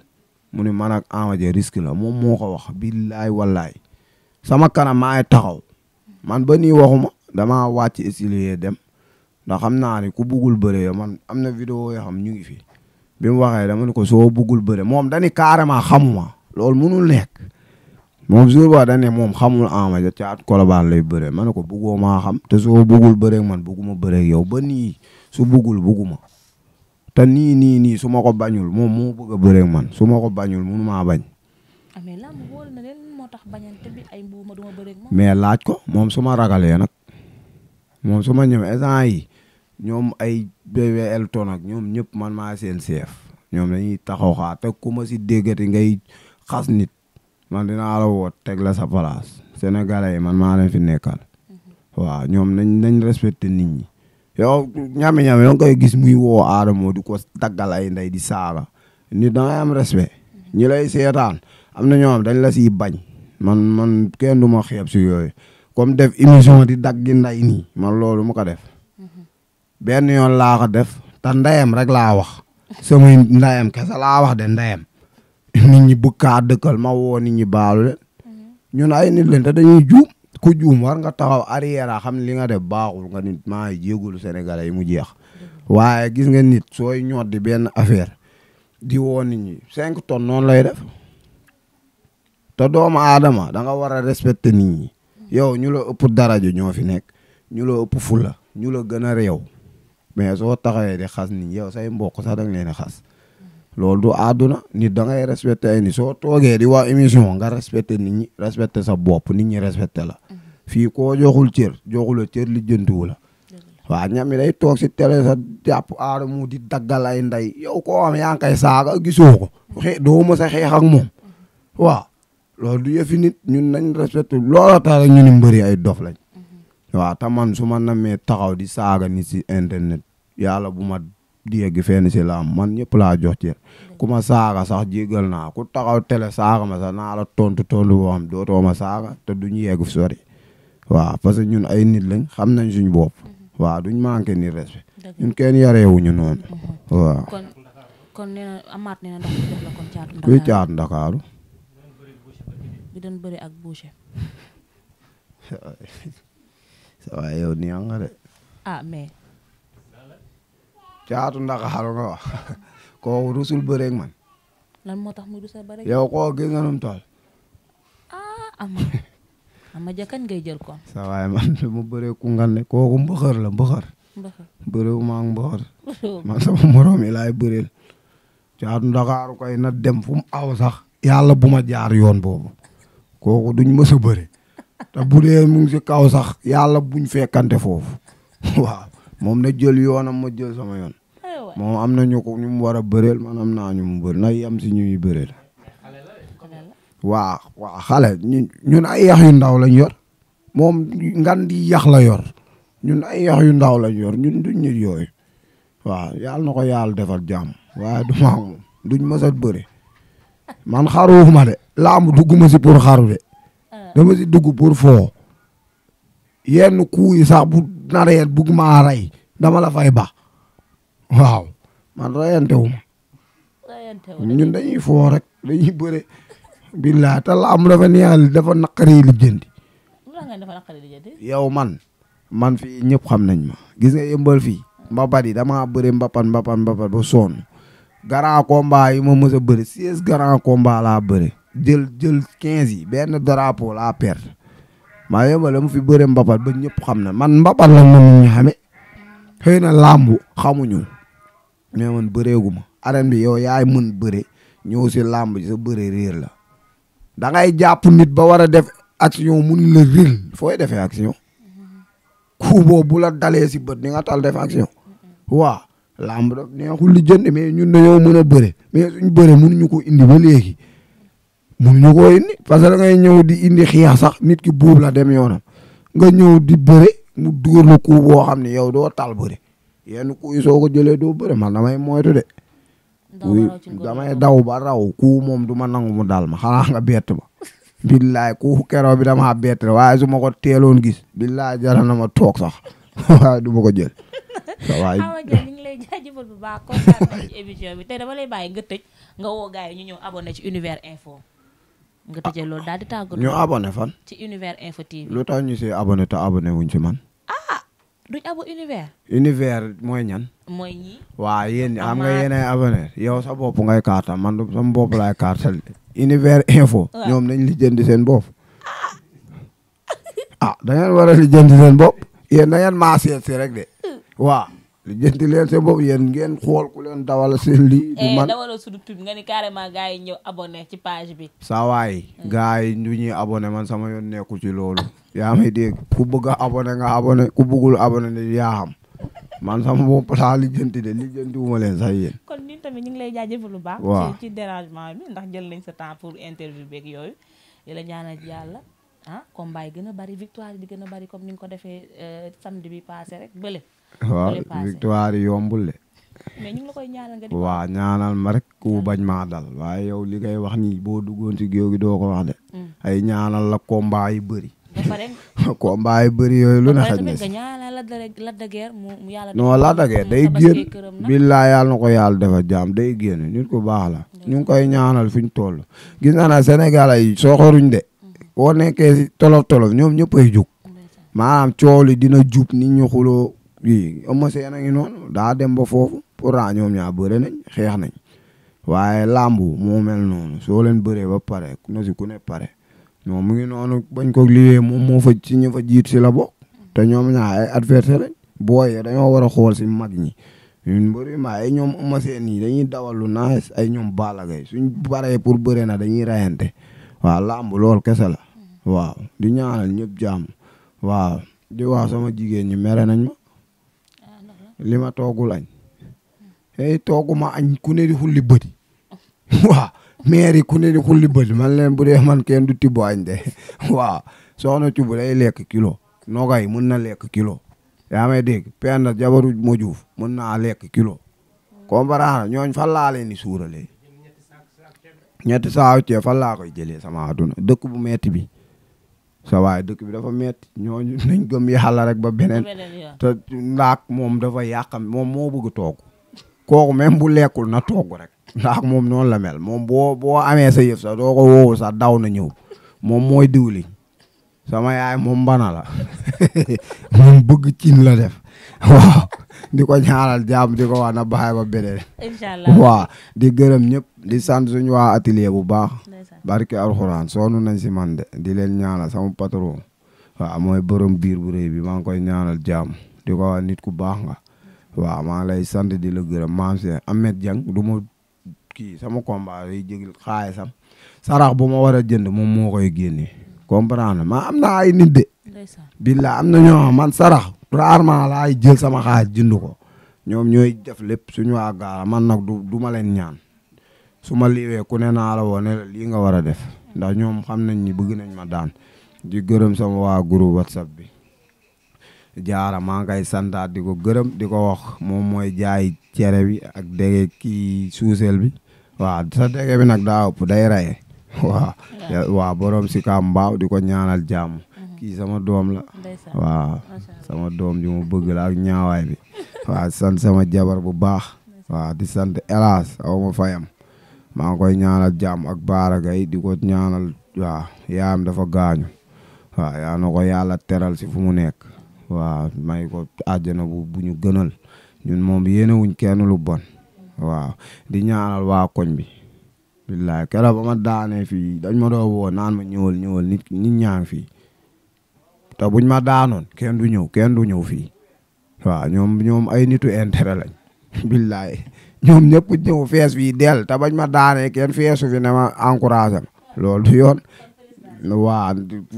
mu ni man ak Ama risque la moom moo ko wax billaay wallaay sama kanam maay taxaw man ba nii waxuma damaa wàcc escalier dem ndax xam naa ne ku buggul bëre man am na video yoo xam ñu ngi fi bi mu waxee dama ne ko soo buggul bëre moom dañuy carrément xamuma loolu munul nekk moom jour ba dañ moom xamul Ama Dia caat Colobane lay bëre ma ne ko buggoo maa xam te soo buggul bëre man bugguma bëre yow ba nii su buggul bugguma te nii nii nii su ma ko bañul moom moo bëgg a bëre man su ma ko bañul munu ma bañ. Ah, tax bañante bi ay mais laaj ko moom su ma ragalee nag moom su ma ñëwee instant yi ñoom ay BWL ton ak ñoom ñëpp man maa seen chef ñoom dañuy taxaw xaar te ku ma si déggati ngay xas nit man dinaa la woo teg la sa place sénégalais yi man maa leen fi nekkal mhm. waaw ñoom nañ nañ respecté nit ñi. yow ñame-ñame danga koy gis muy woo aadamoo di ko daggal ay ndey di saaga nit dangay am respect mhm. ñi lay seetaan am na ñoom dañ la siy bañ man man kenn du ma si yooy comme def émission di daggi nday nii man loolu mu ko def benn yoon laa ko def te ndeyam rek laa wax samay ndeyam kese laa wax de ndeyam nit ñi bëgkaa dëkkal ma woo nit ñi baalu leen ñun ay nit leen te dañuy juum ku juum war nga taxaw arrière xam ne li nga def baaxul nga nit maa ngi jégalu Sénégalais yi mu jeex waaye gis nga nit sooy ñoot di benn affaire di woo nit ñi cinq tonnes noonu lay def te doomu aadama da nga war a respecté nit ñi yow ñu la ëpp daraja ñoo fi nekk ñu la ëpp fula ñu la gën a réew mais soo taxawee di xas nit yow say mbokk sax da nga leen a xas loolu du àdduna ni da ngay respecté ay nit soo toogee di waa émission nga respecté nit ñi respecté sa bopp nit ñi respecté la fii ko joxul cër joxula cër li jëntuwu la waaw ñam mi day toog si télé sa jàpp aar mu di daggal ay nday yow ko xam yaa ngi saaga gisoo ko xee doo mës a xeex waaw loolu du yëfi nit ñun nañ respecté loola tax rek ñu ni ay dof lañ mhm. waaw te man su ma namee taxaw di saaga ni si internet yàlla bu ma di yegg fenn si laam man ñëpp laa jox ci mhm. ku ma saaga sax jégal naa ku taxaw télé saaga ma sax naa la tontu tontu boo xam dootoo ma saaga te duñu yegg sori waaw parce que ñun ay nit lañ xam nañ suñu bopp mhm. waaw duñ manqué ni respect ñun kenn yareewuñu noonu waaw. kon kon nee na amaat ndakaaru. doon bëri ak boucher. [laughs] waaye yow nii nga de. ah mais. caatu Ndakaaru nga wax [laughs] rusul bëree man. lan moo tax mu rusul bëree. yow koo gis nga num tool. ah ama [laughs] ama jakañ jël ko. sa waay man du ma bëree kungane kooku mbëxër la mbëxër. mbëxër wu ma ak man sama morom yi laay bëreel. caatu Ndakaaru koy na dem fu mu aw sax. yàlla bu ma jaar yoon boobu. kooku duñ mës a bëre te bu dee mu si kaw sax yàlla buñ fekkante foofu [laughs] waaw moom na jël yoonam ma jël sama yoon moom am na ñu ko ñu mu war a bëreel man am na ñu mu bëri na yem si ñuy bëreel waa waa xale ñun ay yax yu ndaw lañ yor moom ngan di la yor ñun ay yax yu ndaw lañ yor ñun duñ nit yooyu waaw yàlla na ko yàlla defal jàmm waaye du ma duñ mës bëre man xaruuf ma de laamu dugguma si pour xaru de ah. dama si dugg pour foo yenn kuu yi sax bu naree bugg dama la fay ba waaw man rayante wu ma ñun dañuy foo rek dañuy bëre billaa te laam dafa neexal dafa naqaree lijjanti yow man man fii ñëpp xam nañ ma gis nga yëmbal fii mbapat yi damaa bëri mbapat mbapat mbapat ba sonn grand yi ma mës a bëri seize grand laa bëri jël jël quinze yi benn drapeau laa perte ma yombal mu fi bëre mbapat ba ñëpp xam na man mbapat la mën ñu xame xëy na làmbu xamuñu mais man bëreeguma arène bi yow yaay mën bëre ñëw si làmb ji sa bëre réer la da ngay jàpp nit ba war a def action mun la réel fooy defee action ku boobu bu si bët ni nga tal def action waaw làmb daf neexul li jënd mais ñun dañoo mën a bëre mais suñ bëre mënuñu ko indi ba léegi mënuñu koo indi parce que da ñëw di indi xiyaas sax nit ki buub la dem yoonam nga ñëw di bëre mu dugal la coup boo xam ne yow doo tal bëre yenn coup yi soo ko jëlee doo bëre man damay moytu de. damay daw ba raw ku moom du ma nangu mu daal ma xanaa nga bett ma. [laughs] billaay ku keroog bi dama bett waaye su ma ko teeloon gis. billaay jaral na toog sax [laughs] waaye du ma ko jël. [laughs] nga tëjee loolu daal ñu abonné fan. ci univers info TV. lu tax ñu si abonné te abonné ci man. ah duñ abo univers. univers mooy ñan. mooy ñi. waa yéen nga yéen ay abonné yow sa bopp ngay kaartal man du sama bopp laay kaartal. univers info. ñoom nañ li seen bopp. Ah. ah da ngeen war seen bopp. yéen da ngeen si rek de. Hmm. waa. li jënti leen seen bopp yéen ngeen xool ku leen dawal seen lii. du eh, man dawaloo suñu tur nga ni carrément gars yi ñëw abonné ci page bi. saa waay mm. yi du ñuy abonné man sama yoon nekku ci loolu. yaa may dégg ku bëgg a abonné nga abonné ku bëggul abonné ne yaa xam man sama bopp laa li jënti de li jënti wu ma leen sax yéen. kon ñun tamit ñu ngi lay jaajëfal lu baax. waaw ci dérangement bi ndax jël nañ sa temps pour interview beeg yooyu di la ah, a bari victoire yi di gën a bari comme ni nga ko defee euh, samedi bi passé rek waaw victoire yombul de. mais ñu ngi la koy ñaanal nga di. waaw ñaanal ma dal waaye yow li ngay wax nii boo duggoon ci géew gi doo ko wax de. Mm. ay ñaanal la combat yu bëri. [laughs] combat yu bëri yooyu lu ne xaj na si. non Lac de Guiers day génn. billaay yàlla ko yàlla dafa jaam day génn nit ku baax la. ñu ngi koy ñaanal fi ñu toll. gis naa ne Sénégal ay soxoruñ de. Mm. boo nekkee si tolof tolof ñoom ñëpp ay jug. maanaam dina jub nit ñu i Eumeu Sène a ngi noon daa dem ba foofu pourtant ah, ñoom ñaa bëre nañ xeex nañ waaye làmbu moo mel noonu soo leen bëree ba pare ku si ku ne pare ñoom mu ngi noonu bañ ko liggéey moom moo fa ci ñu jiit si la te ñoom ñaa ay adversaire lañ booyee war a xool si mag ñi ñun bëri ma ay ñoom Eumeu Sène yi dañuy dawalu lu ay ñoom Balla Gaye suñ baree pour bëre na dañuy rayante waaw làmb lool kese la di ñaanal ñëpp jàmm waaw di wax sama jigéen ñi mere nañ ma li ma toogul añ hey tooguma añ ku di xulli bëri [laughs] waaw maire yi ku ne di xulli bëri man leen bu dee man kenn du tibb añ de [laughs] waaw soxna Cubb day lekk kilo nogay mun na lekk kilo yaa may dégg jabaru ma juuf mun naa lekk kilo comprendre ñooñ fan laa leen di suuralee ñetti saaku ceeb fan laa koy jëlee sama aduna dëkk bu metti bi sa waaye dëkk bi dafa metti ñooñu [laughs] nañ gëm yàlla rek ba beneen te ndaak moom dafa yàqam moom moo bëgg toog kooku même bu lekkul na toog rek ndaak moom noonu la mel moom boo boo amee sa yëf sax doo ko woowu sax daw na ñëw moom mooy diwliñ sama yaay moom mbana la [laughs] moom bëgg cin la def [laughs] waaw di ko ñaanal jàmm di ko wax na baxay ba beneen inshallah waaw di gërëm ñëpp di sant suñu waa atelier bu baax barke alxuraan soonu nañ si man de di leen ñaanal sama patron waaw mooy bërëm biir bu rëy bi maa ngi koy ñaanal jàmm di ko wax nit ku baax nga waaw maa ngi lay sant di la gërëm maam si Ahmed Dieng du ma kii sama combat yi jël xaalisam sarax bu ma war a jënd moom moo koy génne comprendre ma am na ay de billa am na man sarax rarement laay jël sama xaaj jënd ko ñoom ñooy def lépp suñ waa gaara man nag du du leen ñaan su ma liiwee ku ne naa la woo lii nga war a def ndax ñoom xam nañ ni bëgg nañ ma daan di gërëm sama waa groupe whatsapp bi jaara maa ngi koy santaat di ko gërëm di ko wax moom mooy jaay cere bi ak dege ki suusel bi waaw sa dege bi nag daa ëpp day rey [laughs] waaw waaw borom si kaam mbaaw di ko ñaanal jàmm sama doom la waaw sama doom ji ma bëgg la ak ñaawaay bi waaw sant sama jabar bu baax waaw di sant hélas aw ma fayam maa ngi koy ñaanal jàmm ak baaragay di ko ñaanal waaw yaayam dafa gaañu waaw yaa ko yàlla teral si fu mu nekk waaw may ko àjjana bu bu ñu ñun moom yéenewuñ kenn lu bon waaw di ñaanal waa koñ bi billaay ba ma daanee fii dañ ma doon woo naan ma ñëwal ñëwal nit nit ñaa te buñ ma daanoon kenn du ñëw kenn du ñëw fii waaw ñoom ñoom ay nitu intérêt lañ [laughs] billaay ñoom ñëpp ñëw fees fii del te bañ ma daanee kenn feesu fi ne ma encouragé ma loolu du yoon waa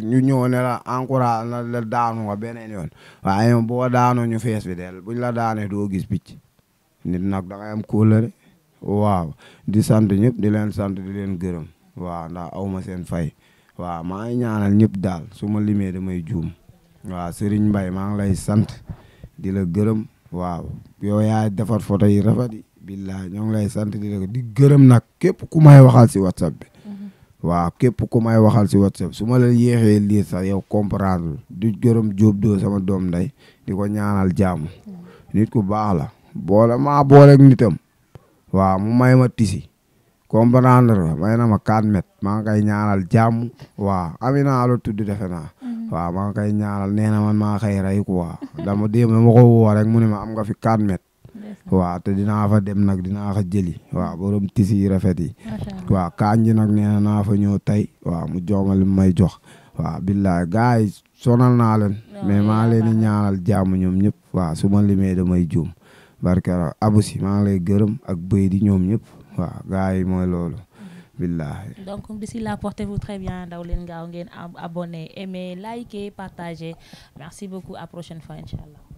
ñu ñëw ne la encouragé na la daanu nga beneen yoon waaye ñoom boo daanoo ñu fees bi del buñ la daanee doo gis picc nit nag da ngay am kóolare waaw di sant ñëpp di leen sant di leen gërëm waaw ndax awma seen fay waaw maa ngi ñaanal ñëpp daal su ma limee may juum waa Serigne Mbaye maa ngi lay sant di la gërëm waaw yow yaay defar photo yi rafet yi billaay ñoo ngi lay sant di la di gërëm nag képp ku may waxal si whatsapp bi mm-hmm. waaw képp ku may waxal si whatsapp su ma la yéexee lii sa yow comprendre di gërëm jóob doo sama doom nday di ko ñaanal jàmm mm-hmm. nit ku baax la boole maa booleeg nitam waaw mu may ma tisi comprendre nga may na ma 4 mètres maa ngi koy ñaanal jàmm waaw Amina la tudd defe naa. Mm-hmm. waaw maa ngi koy ñaanal nee na man maa xëy rey quoi dama dem dama ko woo rek mu ne ma am nga fi 4 mètres. waaw te dinaa fa dem nag dinaa fa jëli waaw borom tisi yi rafet yi. waaw kanji nag na naa fa ñëw tey waaw mu joomal li may jox. waaw billaay gars yi sonal mais maa leen di ñaanal jàmm ñoom ñëpp. waaw su ma limee damay juum barke abu si maa ngi lay gërëm ak bëy di waaw gars yi mooy loolu. billaahi donc d'ici là portez-vous très bien daw leen gaaw ngeen abonné aimer liker partager merci beaucoup à prochaine fois